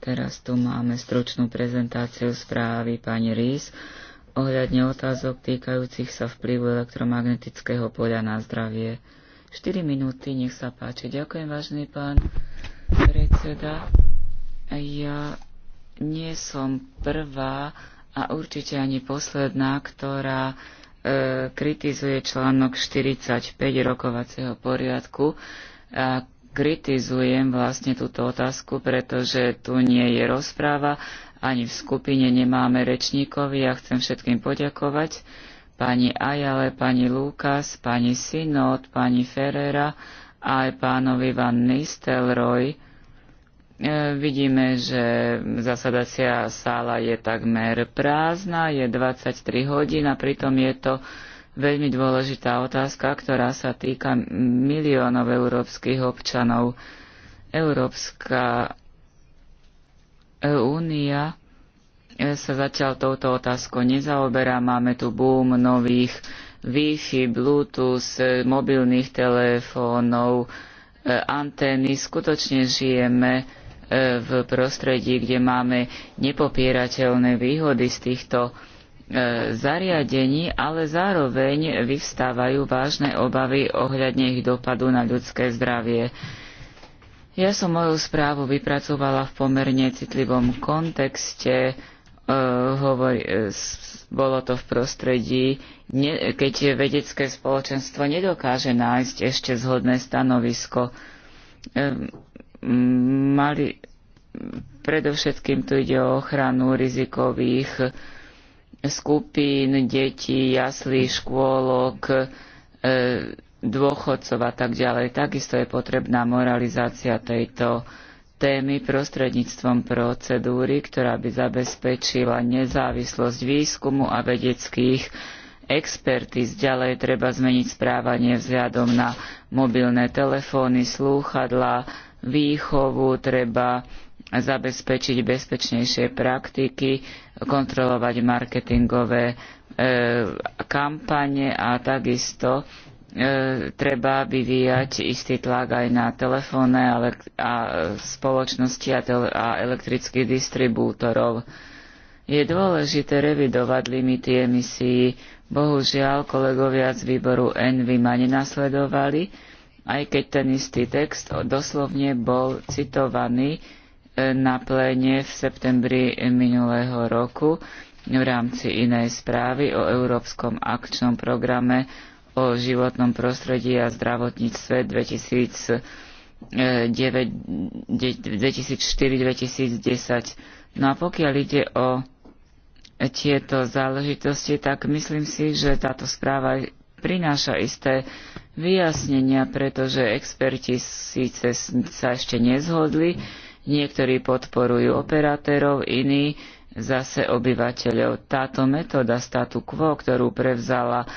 Teraz tu máme stručnú prezentáciu správy pani Rís ohľadne otázok týkajúcich sa vplyvu elektromagnetického poľa na zdravie. 4 minúty, nech sa páči. Ďakujem, vážny pán predseda. Ja nie som prvá a určite ani posledná, ktorá e, kritizuje článok 45 rokovacieho poriadku, a kritizujem vlastne túto otázku, pretože tu nie je rozpráva, ani v skupine nemáme rečníkovi. Ja chcem všetkým poďakovať. Pani Ajale, pani Lukas, pani Sinot, pani Ferrera a aj pánovi Van Nistelrooy. E, vidíme, že zasadacia sála je takmer prázdna, je 23 hodín a pritom je to veľmi dôležitá otázka, ktorá sa týka miliónov európskych občanov. Európska únia e, sa zatiaľ touto otázkou nezaoberá. Máme tu boom nových Wi-Fi, Bluetooth, e, mobilných telefónov, e, antény. Skutočne žijeme v prostredí, kde máme nepopierateľné výhody z týchto E, zariadení, ale zároveň vyvstávajú vážne obavy ohľadne ich dopadu na ľudské zdravie. Ja som moju správu vypracovala v pomerne citlivom kontexte. E, e, bolo to v prostredí, keď keď vedecké spoločenstvo nedokáže nájsť ešte zhodné stanovisko. mali, predovšetkým tu ide o ochranu rizikových skupín detí, jaslí, škôlok, e, dôchodcov a tak ďalej. Takisto je potrebná moralizácia tejto témy prostredníctvom procedúry, ktorá by zabezpečila nezávislosť výskumu a vedeckých expertíz. Ďalej treba zmeniť správanie vzhľadom na mobilné telefóny, slúchadlá, výchovu, treba zabezpečiť bezpečnejšie praktiky, kontrolovať marketingové e, kampane a takisto e, treba vyvíjať istý tlak aj na telefónne a, a e, spoločnosti a, tele- a elektrických distribútorov. Je dôležité revidovať limity emisí. Bohužiaľ, kolegovia z výboru Envy ma nenasledovali, aj keď ten istý text doslovne bol citovaný na pléne v septembri minulého roku v rámci inej správy o Európskom akčnom programe o životnom prostredí a zdravotníctve 2004-2010. No a pokiaľ ide o tieto záležitosti, tak myslím si, že táto správa prináša isté vyjasnenia, pretože experti síce sa ešte nezhodli, Niektorí podporujú operátorov, iní zase obyvateľov. Táto metóda statu quo, ktorú prevzala e,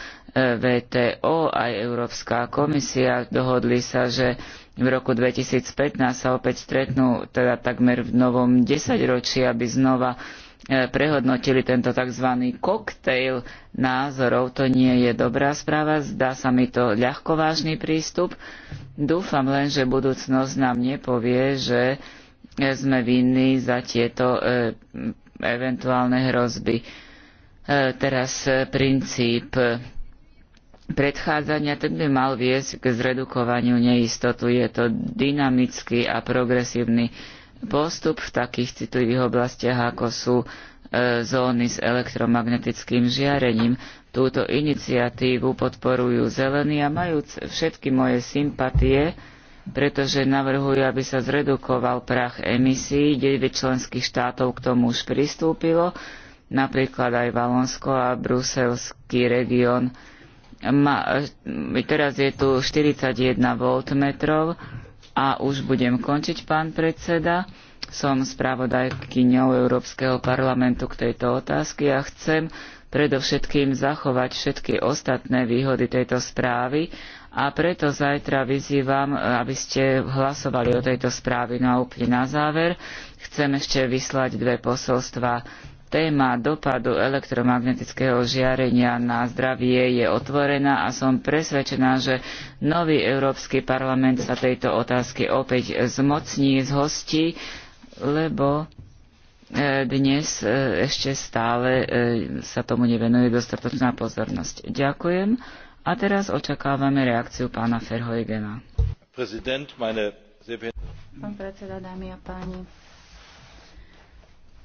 VTO aj Európska komisia, dohodli sa, že v roku 2015 sa opäť stretnú, teda takmer v novom desaťročí, aby znova e, prehodnotili tento tzv. koktejl názorov. To nie je dobrá správa, zdá sa mi to ľahkovážny prístup. Dúfam len, že budúcnosť nám nepovie, že sme vinní za tieto e, eventuálne hrozby. E, teraz e, princíp predchádzania, ten by mal viesť k zredukovaniu neistotu. Je to dynamický a progresívny postup v takých citlivých oblastiach, ako sú zóny s elektromagnetickým žiarením. Túto iniciatívu podporujú zelení a majú všetky moje sympatie, pretože navrhujú, aby sa zredukoval prach emisí. 9 členských štátov k tomu už pristúpilo, napríklad aj Valonsko a bruselský región. E, teraz je tu 41 voltmetrov a už budem končiť, pán predseda. Som spravodajkyňou Európskeho parlamentu k tejto otázke a chcem predovšetkým zachovať všetky ostatné výhody tejto správy a preto zajtra vyzývam, aby ste hlasovali o tejto správe. No a úplne na záver chcem ešte vyslať dve posolstva. Téma dopadu elektromagnetického žiarenia na zdravie je otvorená a som presvedčená, že nový Európsky parlament sa tejto otázky opäť zmocní z hostí, lebo E, dnes e, ešte stále e, sa tomu nevenuje dostatočná pozornosť. Ďakujem a teraz očakávame reakciu pána Ferhojgena. Pán predseda, dámy a páni,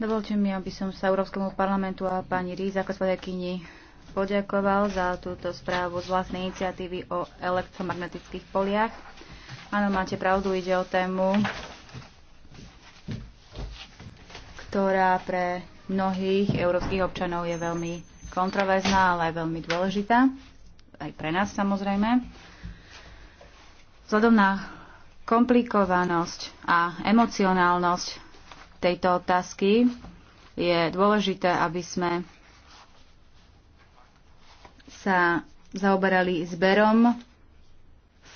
dovolte mi, aby som sa Európskemu parlamentu a pani Ríza ako spravodajkyni poďakoval za túto správu z vlastnej iniciatívy o elektromagnetických poliach. Áno, máte pravdu, ide o tému, ktorá pre mnohých európskych občanov je veľmi kontroverzná, ale aj veľmi dôležitá, aj pre nás samozrejme. Vzhľadom na komplikovanosť a emocionálnosť tejto otázky je dôležité, aby sme sa zaoberali zberom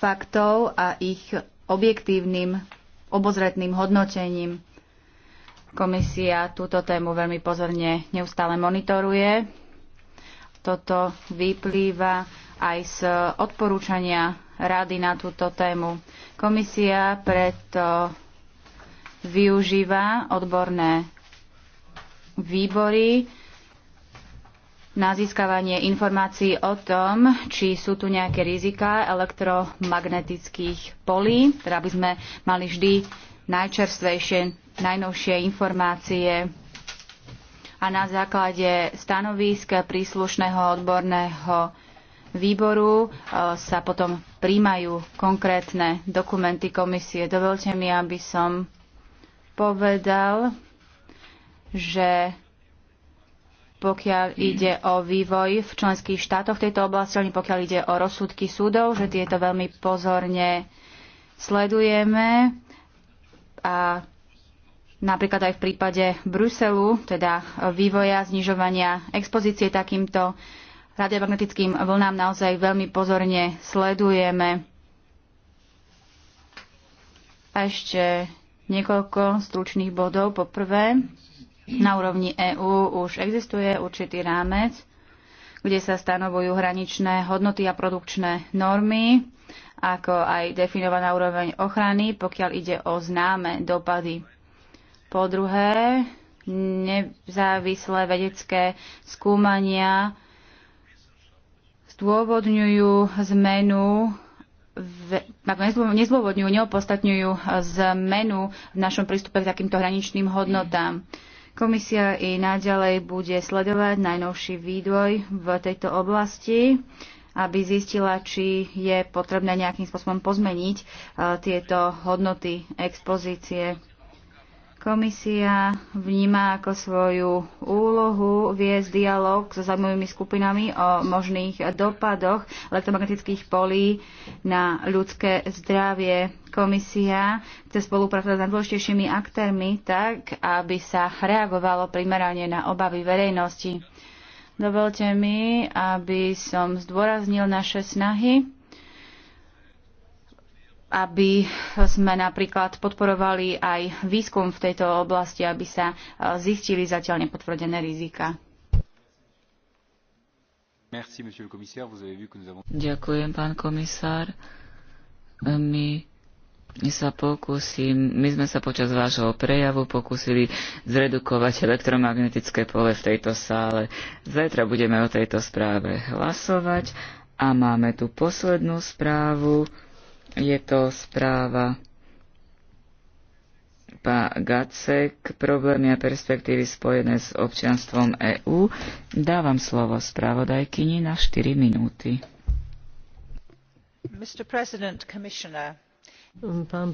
faktov a ich objektívnym obozretným hodnotením. Komisia túto tému veľmi pozorne neustále monitoruje. Toto vyplýva aj z odporúčania rady na túto tému. Komisia preto využíva odborné výbory na získavanie informácií o tom, či sú tu nejaké rizika elektromagnetických polí, teda by sme mali vždy najčerstvejšie, najnovšie informácie a na základe stanoviska príslušného odborného výboru e, sa potom príjmajú konkrétne dokumenty komisie. Dovolte mi, aby som povedal, že pokiaľ ide o vývoj v členských štátoch v tejto oblasti, ani pokiaľ ide o rozsudky súdov, že tieto veľmi pozorne sledujeme a napríklad aj v prípade Bruselu, teda vývoja, znižovania expozície takýmto radiomagnetickým vlnám naozaj veľmi pozorne sledujeme. A ešte niekoľko stručných bodov. Poprvé, na úrovni EÚ už existuje určitý rámec kde sa stanovujú hraničné hodnoty a produkčné normy, ako aj definovaná úroveň ochrany, pokiaľ ide o známe dopady. Po druhé, nezávislé vedecké skúmania zdôvodňujú zmenu nezdôvodňujú, neopostatňujú zmenu v našom prístupe k takýmto hraničným hodnotám. Mm. Komisia i naďalej bude sledovať najnovší výdvoj v tejto oblasti, aby zistila, či je potrebné nejakým spôsobom pozmeniť eh, tieto hodnoty expozície Komisia vníma ako svoju úlohu viesť dialog so zaujímavými skupinami o možných dopadoch elektromagnetických polí na ľudské zdravie. Komisia chce spolupracovať s najdôležitejšími aktérmi tak, aby sa reagovalo primerane na obavy verejnosti. Dovolte mi, aby som zdôraznil naše snahy aby sme napríklad podporovali aj výskum v tejto oblasti, aby sa e, zistili zatiaľ nepotvrdené rizika. Ďakujem, pán komisár. My sa pokusím, my sme sa počas vášho prejavu pokúsili zredukovať elektromagnetické pole v tejto sále. Zajtra budeme o tejto správe hlasovať a máme tu poslednú správu. Je to správa pá Gacek, problémy a perspektívy spojené s občianstvom EÚ. Dávam slovo správodajkyni na 4 minúty. Pán